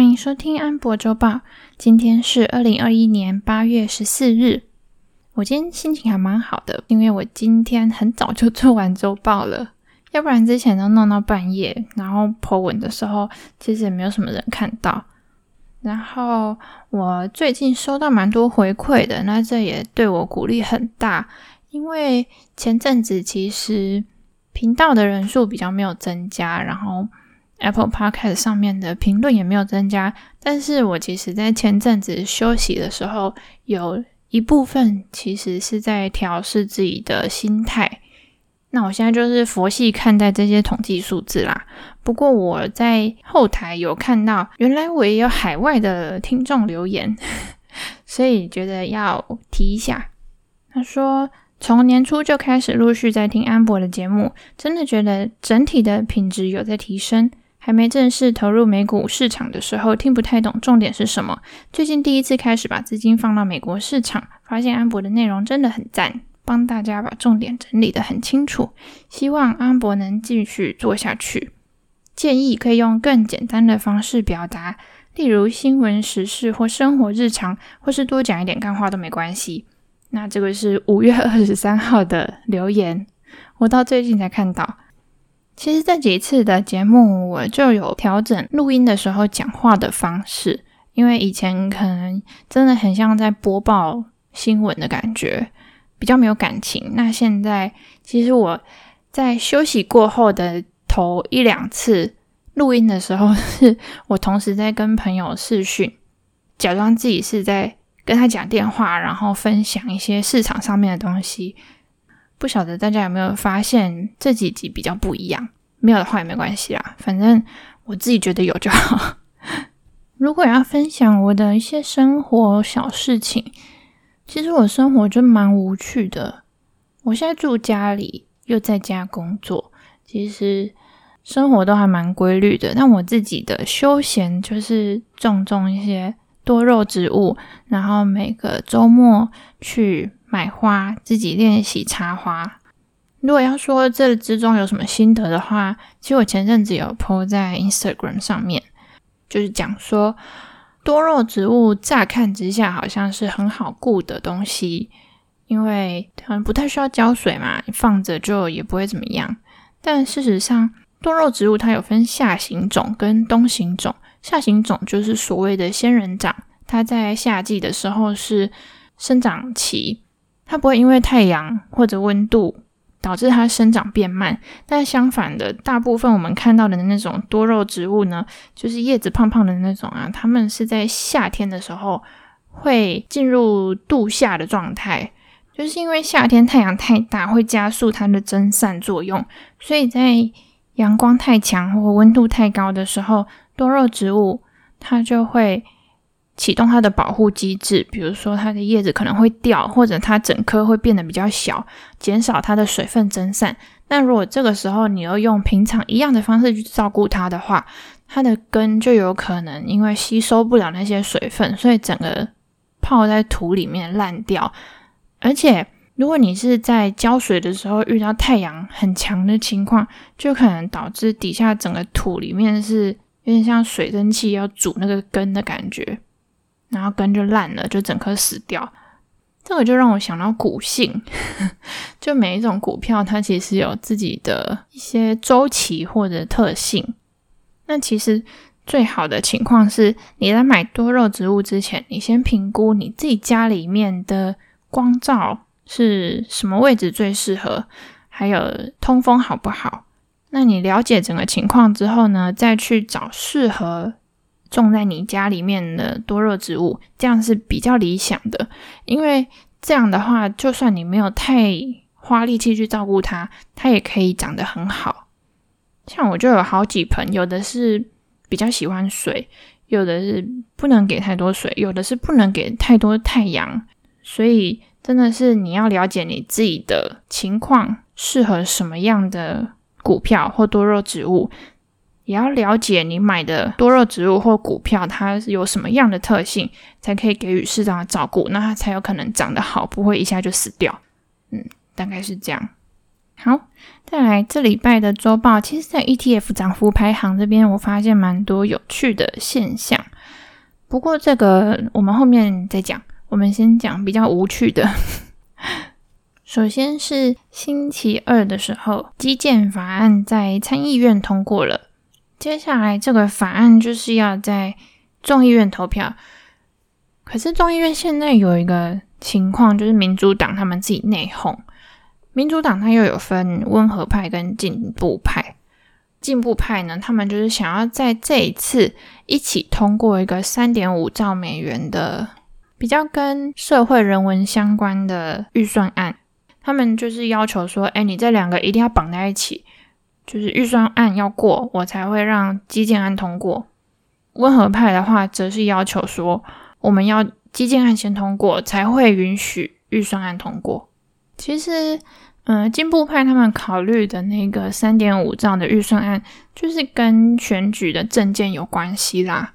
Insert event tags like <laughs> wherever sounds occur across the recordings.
歡迎收聽安博周報，今天是二零二一年八月十四日。我今天心情還蠻好的，因為我今天很早就做完周報了，要不然之前都弄到半夜。然後 po 文的時候，其實也沒有什麼人看到。然後我最近收到蠻多回饋的，那這也對我鼓勵很大，因為前陣子其實頻道的人數比較沒有增加，然後，Apple Podcast 上面的評論也沒有增加，但是我其實，在前陣子休息的時候，有一部分其實是在調試自己的心態。那我現在就是佛系看待這些統計數字啦。不過我在後台有看到，原來我也有海外的聽眾留言， <laughs> 所以覺得要提一下。他說，從年初就開始陸續在聽安博的節目，真的覺得整體的品質有在提升。還沒正式投入美股市場的時候，聽不太懂重點是什麼。最近第一次開始把資金放到美國市場，發現安博的內容真的很讚，幫大家把重點整理得很清楚。希望安博能繼續做下去。建議可以用更簡單的方式表達，例如新聞時事或生活日常，或是多講一點幹話都沒關係。那這個是五月二十三號的留言，我到最近才看到。其實這幾次的節目，我就有調整錄音的時候講話的方式，因為以前可能真的很像在播報新聞的感覺，比較沒有感情。那現在其實我在休息過後的頭一兩次錄音的時候，是我同時在跟朋友視訊，假裝自己是在跟他講電話，然後分享一些市場上面的東西。不曉得大家有沒有發現這幾集比較不一樣？沒有的話也沒關係啦，反正我自己覺得有就好。 <laughs> 如果要分享我的一些生活小事情，其實我生活就蠻無趣的。我現在住家裡，又在家工作，其實生活都還蠻規律的。但我自己的休閒就是種種一些多肉植物，然後每個週末去。買花，自己練習插花。如果要說這之中有什麼心得的話，其實我前陣子有 po 在 Instagram 上面，就是講說多肉植物乍看之下好像是很好顧的東西，因為它不太需要澆水嘛，放着就也不會怎麼樣。但事實上，多肉植物它有分夏型種跟冬型種。夏型種就是所謂的仙人掌，它在夏季的時候是生長期。它不會因為太陽或者溫度導致它生長變慢，但相反的，大部分我們看到的那種多肉植物呢，就是葉子胖胖的那種啊，它們是在夏天的時候會進入度夏的狀態，就是因為夏天太陽太大會加速它的蒸散作用，所以在陽光太強或溫度太高的時候，多肉植物它就會，啟動它的保護機制，比如說它的葉子可能會掉，或者它整棵會變得比較小，減少它的水分蒸散。那如果這個時候你又用平常一樣的方式去照顧它的話，它的根就有可能因為吸收不了那些水分，所以整個泡在土裡面爛掉。而且如果你是在澆水的時候遇到太陽很強的情況，就可能導致底下整個土裡面是有點像水蒸氣要煮那個根的感覺。然後根就爛了，就整棵死掉。這個就讓我想到股性， <laughs> 就每一種股票它其實有自己的一些週期或者特性。那其實最好的情況是，你在買多肉植物之前，你先評估你自己家裡面的光照是什麼位置最適合，還有通風好不好。那你了解整個情況之後呢，再去找適合。種在你家裡面的多肉植物，這樣是比較理想的，因為這樣的話，就算你沒有太花力氣去照顧它，它也可以長得很好。像我就有好幾盆，有的是比較喜歡水，有的是不能給太多水，有的是不能給太多太陽，所以真的是你要了解你自己的情況，適合什麼樣的股票或多肉植物。也要了解你買的多肉植物或股票，它是有什麼樣的特性，才可以給予適當的照顧，那它才有可能長得好，不會一下就死掉。嗯，大概是這樣。好，再來這禮拜的週報，其實在 ETF 漲幅排行這邊，我發現蠻多有趣的現象。不過這個我們後面再講，我們先講比較無趣的。 <laughs> 首先是星期二的時候，基建法案在參議院通過了。接下來這個法案就是要在眾議院投票，可是眾議院現在有一個情況，就是民主黨他們自己內訌。民主黨他又有分溫和派跟進步派，進步派呢，他們就是想要在這一次一起通過一個三點五兆美元的比較跟社會人文相關的預算案，他們就是要求說，哎，你這兩個一定要綁在一起。就是預算案要過，我才會讓基建案通過。溫和派的話，則是要求說，我們要基建案先通過，才會允許預算案通過。其實，嗯、呃，進步派他們考慮的那個三點五兆的預算案，就是跟選舉的政見有關係啦。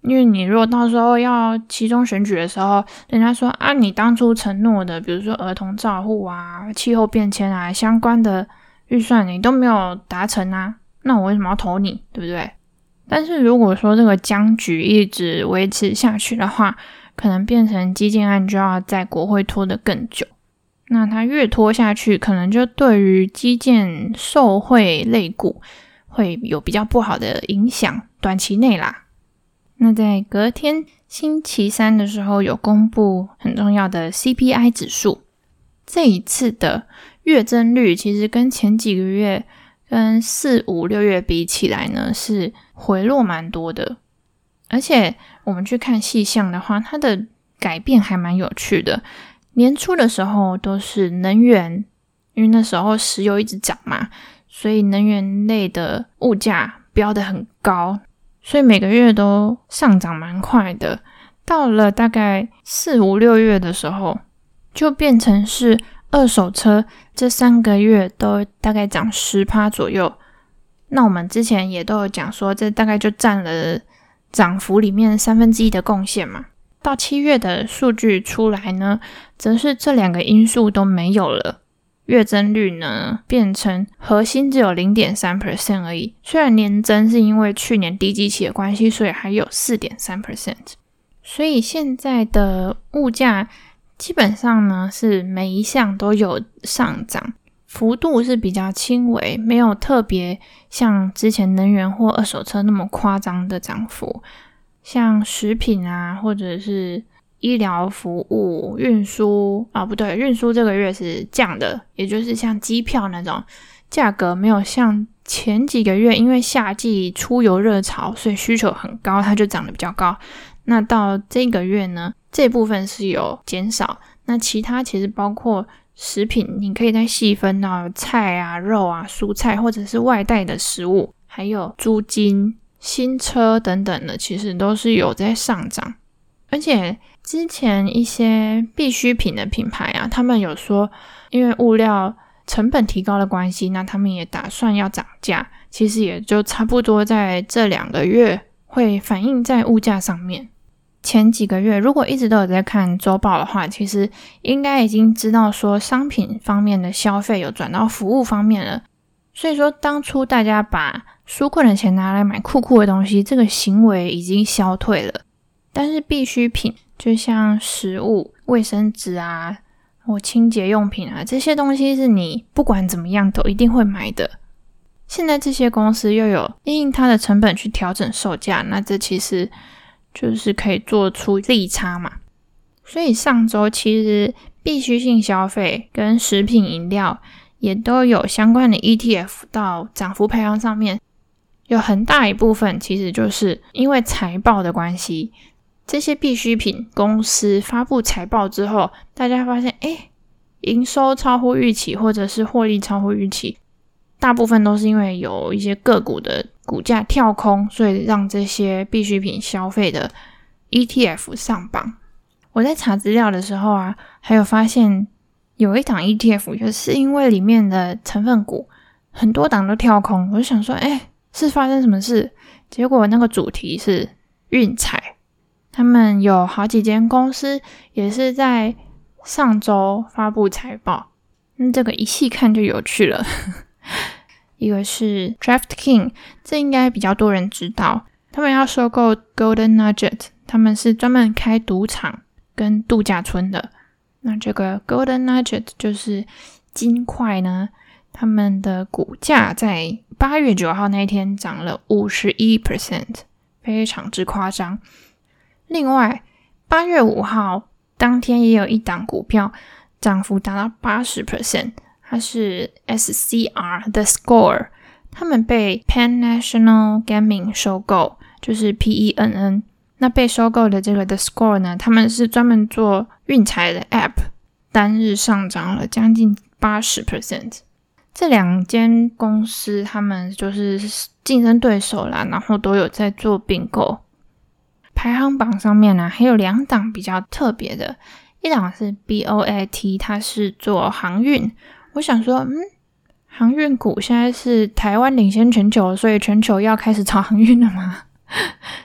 因為你如果到時候要期中選舉的時候，人家說啊，你當初承諾的，比如說兒童照護啊、氣候變遷啊相關的。預算你都沒有達成啊，那我為什麼要投你，對不對？但是如果說這個僵局，一直維持下去的話，可能變成基建案就要在國會拖得更久。那它越拖下去，可能就對於基建、受惠類股會有比較不好的影響，短期內啦。那在隔天星期三的時候，有公布很重要的 CPI 指數，這一次的。月增率其實跟前幾個月、跟四五六月比起來呢，是回落蠻多的。而且我們去看細項的話，它的改變還蠻有趣的。年初的時候都是能源，因為那時候石油一直漲嘛，所以能源類的物價飆得很高，所以每個月都上漲蠻快的。到了大概四五六月的時候，就變成是。二手車這三個月都大概漲十趴左右，那我們之前也都有講說，這大概就占了漲幅裡面三分之一的貢獻嘛。到七月的數據出來呢，則是這兩個因素都沒有了，月增率呢變成核心只有零點三 percent 而已。雖然年增是因為去年低基期的關係，所以還有四點三 percent。所以現在的物價。基本上呢，是每一項都有上漲，幅度是比較輕微，沒有特別像之前能源或二手車那麼誇張的漲幅。像食品啊，或者是醫療服務、運輸啊，不對，運輸這個月是降的，也就是像機票那種價格，沒有像前幾個月因為夏季出遊熱潮，所以需求很高，它就漲得比較高。那到這個月呢，這部分是有減少。那其他其實包括食品，你可以再細分到、啊、菜啊、肉啊、蔬菜，或者是外帶的食物，還有租金、新車等等的，其實都是有在上漲。而且之前一些必需品的品牌啊，他們有說，因為物料成本提高的關係，那他們也打算要漲價。其實也就差不多在這兩個月會反映在物價上面。前幾個月，如果一直都有在看週報的話，其實應該已經知道說商品方面的消費有轉到服務方面了。所以說，當初大家把紓困的錢拿來買酷酷的東西，這個行為已經消退了。但是必需品，就像食物、衛生紙啊、或清潔用品啊這些東西，是你不管怎麼樣都一定會買的。現在這些公司又有因應它的成本去調整售價，那這其實。就是可以做出利差嘛，所以上周其實必需性消費跟食品飲料也都有相關的 ETF 到漲幅排行上面，有很大一部分其實就是因為財報的關係，這些必需品公司發布財報之後，大家發現，哎，營收超乎預期或者是獲利超乎預期。大部分都是因為有一些個股的股價跳空，所以讓這些必需品消費的 ETF 上榜。我在查資料的時候啊，還有發現有一檔 ETF 也是因為裡面的成分股很多檔都跳空，我就想說，哎、欸，是發生什麼事？結果那個主題是運財。他們有好幾間公司也是在上周發布財報，那這個一細看就有趣了。一個是 DraftKings，這應該比較多人知道，他們要收購 Golden Nugget，他們是專門開賭場跟度假村的。那這個 Golden Nugget 就是金塊呢，他們的股價在八月九號那一天漲了五十一 percent，非常之誇張。另外，八月五號當天也有一檔股票漲幅達到八十 percent。它是 SCR The Score，他們被 Penn National Gaming 收購，就是 PENN。那被收購的這個 The Score 呢，他們是專門做運彩的 App，單日上漲了將近八十 percent。這兩間公司，他們就是競爭對手啦，然後都有在做併購。排行榜上面呢，還有兩檔比較特別的，一檔是 BOAT，a 它是做航運。我想說，嗯，航運股現在是台灣領先全球，所以全球要開始炒航運了嗎？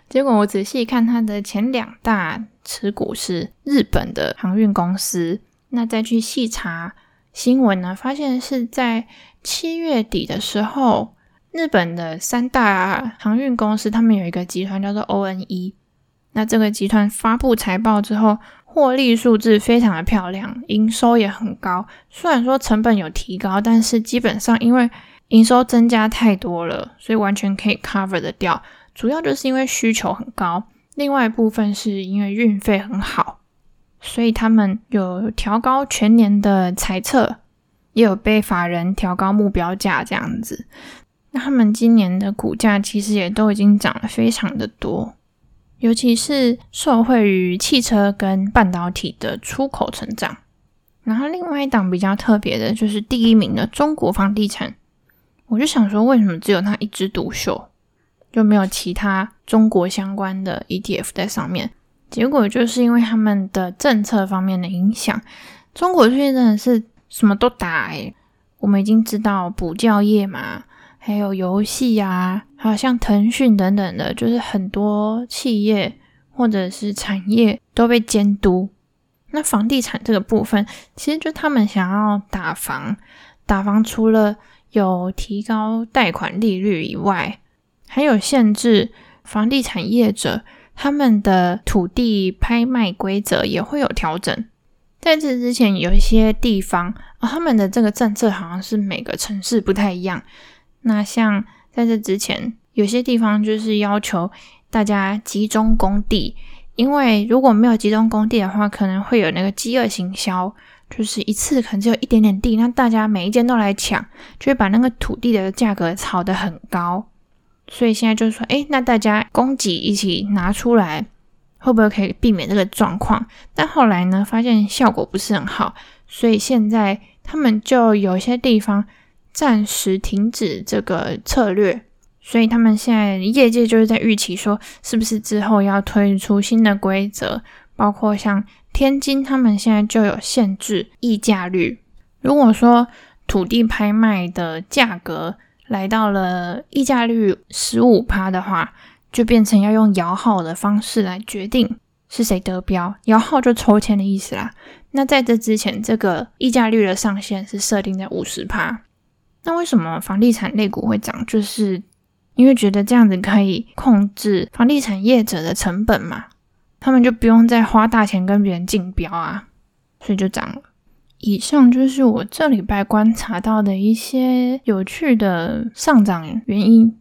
結果我仔細看它的前兩大持股是日本的航運公司，那再去細查新聞呢，發現是在七月底的時候，日本的三大航運公司他們有一個集團叫做 ONE，那這個集團發布財報之後。獲利數字非常的漂亮，營收也很高。雖然說成本有提高，但是基本上因為營收增加太多了，所以完全可以 cover 得掉。主要就是因為需求很高，另外一部分是因為運費很好，所以他們有調高全年的財測，也有被法人調高目標價這樣子。那他們今年的股價其實也都已經漲了非常的多。尤其是受惠於汽車跟半導體的出口成長，然後另外一檔比較特別的就是第一名的中國房地產，我就想說為什麼只有它一枝獨秀，就沒有其他中國相關的 ETF 在上面？結果就是因為他們的政策方面的影響，中國最近真的是什麼都打，誒，哎，我們已經知道補教業嘛。還有遊戲啊，還有像騰訊等等的，就是很多企業或者是產業都被監督。那房地產這個部分，其實就他們想要打房，打房除了有提高貸款利率以外，還有限制房地產業者他們的土地拍賣規則也會有調整。在這之前，有一些地方，啊，他們的這個政策好像是每個城市不太一樣。那像在這之前，有些地方就是要求大家集中供地，因為如果沒有集中供地的話，可能會有那個飢餓行銷，就是一次可能只有一點點地，那大家每一間都來搶，就會把那個土地的價格炒得很高。所以現在就是說，哎、欸，那大家供給一起拿出來，會不會可以避免這個狀況？但後來呢，發現效果不是很好，所以現在他們就有些地方。暫時停止這個策略，所以他們現在業界就是在預期說，是不是之後要推出新的規則，包括像天津，他們現在就有限制溢價率。如果說土地拍賣的價格來到了溢價率十五趴的話，就變成要用搖號的方式來決定是誰得標，搖號就抽籤的意思啦。那在這之前，這個溢價率的上限是設定在五十趴。那為什麼房地產類股會漲？就是因為覺得這樣子可以控制房地產業者的成本嘛，他們就不用再花大錢跟別人競標啊，所以就漲了。以上就是我這禮拜觀察到的一些有趣的上漲原因，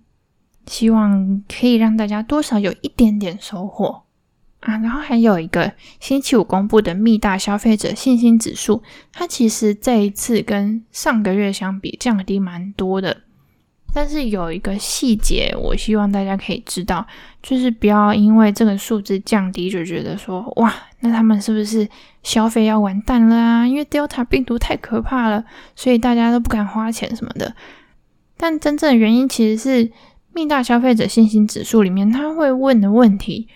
希望可以讓大家多少有一點點收穫。啊，然後還有一個星期五公布的密大消費者信心指數，它其實這一次跟上個月相比降低蠻多的。但是有一個細節，我希望大家可以知道，就是不要因為這個數字降低就覺得說，哇，那他們是不是消費要完蛋了啊？因為 Delta 病毒太可怕了，所以大家都不敢花錢什麼的。但真正的原因其實是密大消費者信心指數裡面他會問的問題。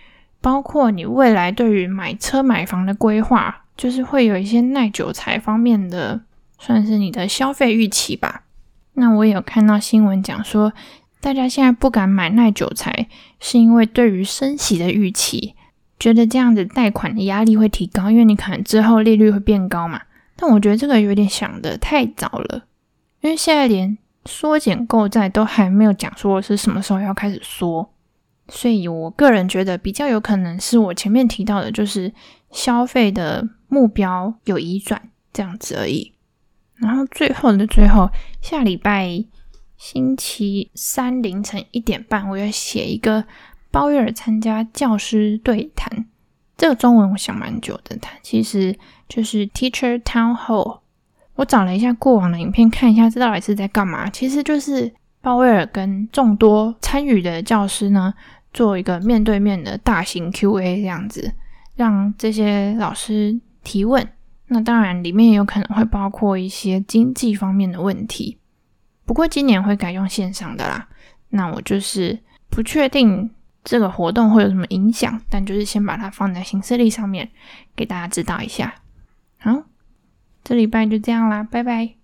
包括你未來對於買車買房的規劃，就是會有一些耐久財方面的，算是你的消費預期吧。那我也有看到新聞講說，大家現在不敢買耐久財，是因為對於升息的預期，覺得這樣子貸款的壓力會提高，因為你可能之後利率會變高嘛。但我覺得這個有點想得太早了，因為現在連縮減購債都還沒有講說是什麼時候要開始縮。所以，我個人覺得比較有可能是我前面提到的，就是消費的目標有移轉這樣子而已。然後，最後的最後，下禮拜星期三凌晨一點半，我要寫一個鮑威爾參加教師對談。這個中文我想蠻久的，的，它其實就是 Teacher Town Hall。我找了一下過往的影片，看一下這到底是在幹嘛。其實就是鮑威爾跟眾多參與的教師呢，做一個面對面的大型 Q&A 這樣子，讓這些老師提問。那當然，裡面也有可能會包括一些經濟方面的問題。不過今年會改用線上的啦。那我就是不確定這個活動會有什麼影響，但就是先把它放在行事曆上面，給大家知道一下。好，這禮拜就這樣啦，拜拜。